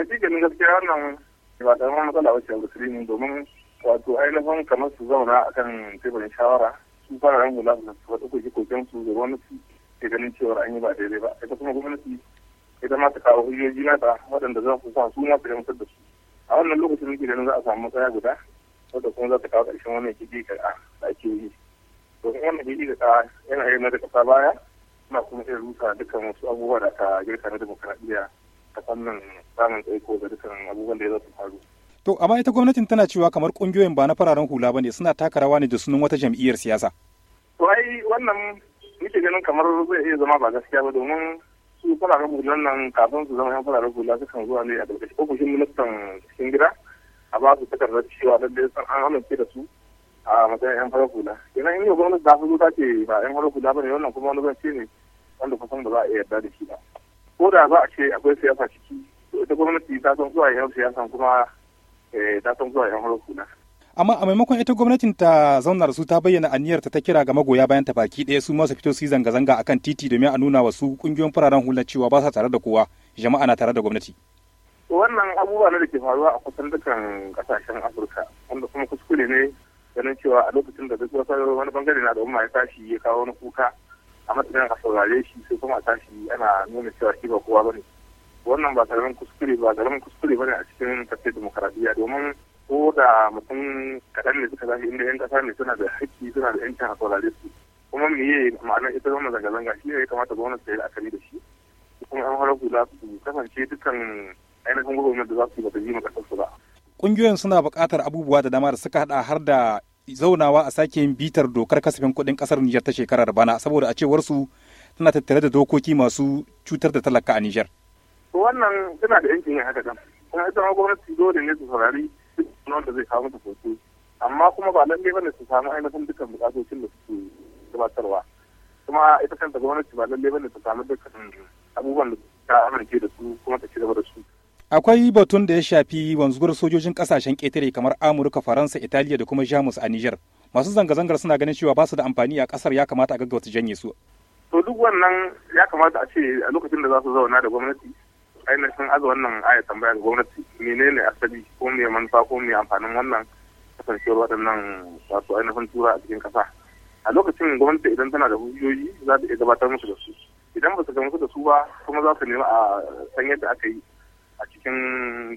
hakikanin gaskiya wannan ba ta zama matsala wacce musulmi domin wato ainihin kamar su zauna kan teburin shawara su fara fararen hula su faɗi koke koken su da gwamnati ke ganin cewa an yi ba daidai ba ita kuma gwamnati ita ma ta kawo hujjoji nata waɗanda za su sa su ma su gamsar da su a wannan lokacin muke ganin za a samu matsaya guda wadda kuma za ta kawo ƙarshen wannan kiji ka da ake yi domin wannan kiji ka yana yi na da ƙasa baya kuma kuma iya rusa dukkan wasu abubuwa da aka girka na dimokuraɗiyya ta fannin samun tsaiko da dukkan abubuwan da ya zasu faru. To amma ita gwamnatin tana cewa kamar kungiyoyin ba na fararen hula ba ne suna taka rawa ne da sunan wata jam'iyyar siyasa. To ai wannan nake ganin kamar zai iya zama ba gaskiya ba domin su fararen hula nan kafin su zama yan fararen hula sukan zuwa ne a ƙarƙashin ofishin ministan cikin gida a ba su takardar cewa lallai san an amince da su a matsayin yan farar hula Idan in yau gwamnati ta fi ce ba yan farar hula ba ne wannan kuma wani zance ne wanda kusan ba za a iya yarda da shi ba. da za a ce akwai siyasa ciki ita gwamnati ta san zuwa yan siyasa kuma eh, ta san zuwa yan amma a maimakon ita gwamnatin ta zauna da su ta bayyana aniyar ta kira ga magoya bayan ta baki ɗaya su masu fito su zanga-zanga akan titi domin a nuna wasu su kungiyoyin fararen hula cewa ba sa tare da kowa jama'a na tare da gwamnati wannan abubuwa ne da ke faruwa a kusan dukkan kasashen afirka wanda kuma kuskure ne ganin cewa a lokacin da duk wasu wani bangare na da umma ya tashi ya kawo wani kuka a matsayin a saurare shi sai kuma a tashi ana nuna cewa shi ba kowa ne wannan ba karamin kuskure ba karamin kuskure bane a cikin tafiyar demokaradiyya domin ko da mutum kaɗan ne suka zafi inda 'yan ƙasa ne suna da haƙƙi suna da 'yancin a saurare su kuma me ye ma'anar ita zama zanga-zanga shi ne ya kamata gwamnati ta yi la'akari da shi kuma 'yan halar hula su kasance dukkan ainihin gwamnati da za su yi ba ta yi ma ba. Ƙungiyoyin suna buƙatar abubuwa da dama da suka haɗa har da zaunawa a sake yin bitar dokar kasafin kuɗin ƙasar Nijar ta shekarar bana saboda a cewar su tana tattare da dokoki masu cutar da talaka a Nijar. Wannan tana da yankin yin haka kan. Kuma ita ma gwamnati dole ne su saurari duk wanda zai kawo mata kotu. Amma kuma ba lallai bane su samu ainihin dukkan bukatocin da su gabatarwa. Kuma ita kanta gwamnati ba lalle bane su samu dukkan abubuwan da ta amince da su kuma ta ci gaba da su. Akwai batun da ya shafi wanzuwar sojojin kasashen ketare kamar Amurka, Faransa, Italiya da kuma Jamus a niger Masu zanga-zangar suna ganin cewa ba su da amfani a kasar ya kamata a gaggauta janye su. To duk wannan ya kamata a ce a lokacin da za su zauna da gwamnati ainihin aza wannan aya tambaya ga gwamnati menene asali ko me manufa ko me amfanin wannan kasancewar waɗannan wato ainihin tura a cikin kasa A lokacin gwamnati idan tana da hujjoji za ta iya gabatar musu da su. Idan ba su gamsu da su ba kuma za su nemi a san yadda aka yi a cikin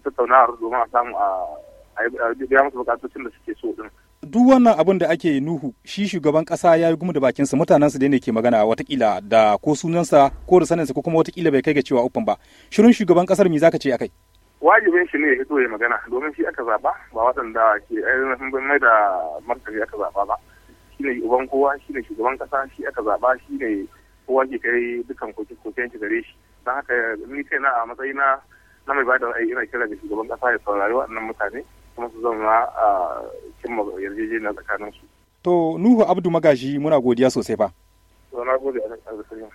tattaunawar domin a samu a biya musu bukatocin da suke so din. Duk wannan abin da ake nuhu shi shugaban kasa ya yi gumu da bakinsa mutanensa da ne ke magana watakila da ko sunansa ko da ko kuma watakila bai kai ga cewa uffan ba. Shirin shugaban kasar mi zaka ce akai? Wajibin shi ne ya fito ya magana domin shi aka zaba ba waɗanda ke ainihin mai da martani aka zaba ba. Shi ne uban kowa shi ne shugaban kasa shi aka zaba shi ne kowa ke kai dukkan koke-koken shi gare shi. Don haka ni kai na a matsayina na mai bada ra'ayi ina kira da shugaban kasa ya saurari waɗannan mutane kuma su zauna a cimma yarjejeniya su. To Nuhu Abdu Magaji muna godiya sosai ba. To na gode a